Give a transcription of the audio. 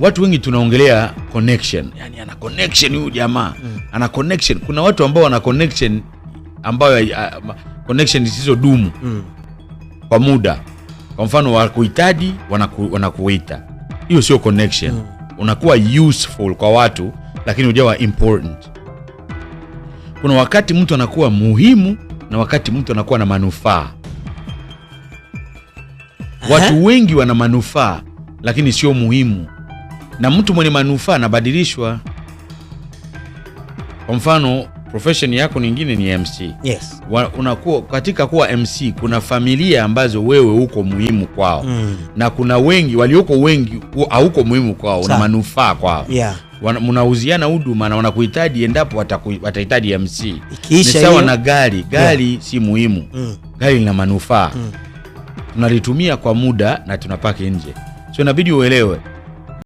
watu wengi tunaongelea connection, yani ana connection huyu jamaa mm. ana connection. Kuna watu ambao wana connection ambayo uh, connection zisizodumu mm. kwa muda. Kwa mfano wakuhitaji, wanaku, wanakuita. Hiyo sio connection mm. unakuwa useful kwa watu, lakini hujawa important. Kuna wakati mtu anakuwa muhimu na wakati mtu anakuwa na manufaa. Watu wengi wana manufaa lakini sio muhimu na mtu mwenye manufaa anabadilishwa. Kwa mfano profession yako nyingine ni MC. Yes. Unakuwa katika kuwa MC kuna familia ambazo wewe uko muhimu kwao mm. na kuna wengi walioko wengi hauko muhimu kwao, una manufaa kwao yeah. Mnauziana huduma na wanakuhitaji endapo watahitaji MC. Ni sawa na gari, gari yeah. si muhimu mm. gari lina manufaa mm. tunalitumia kwa muda na tunapaki nje, so inabidi uelewe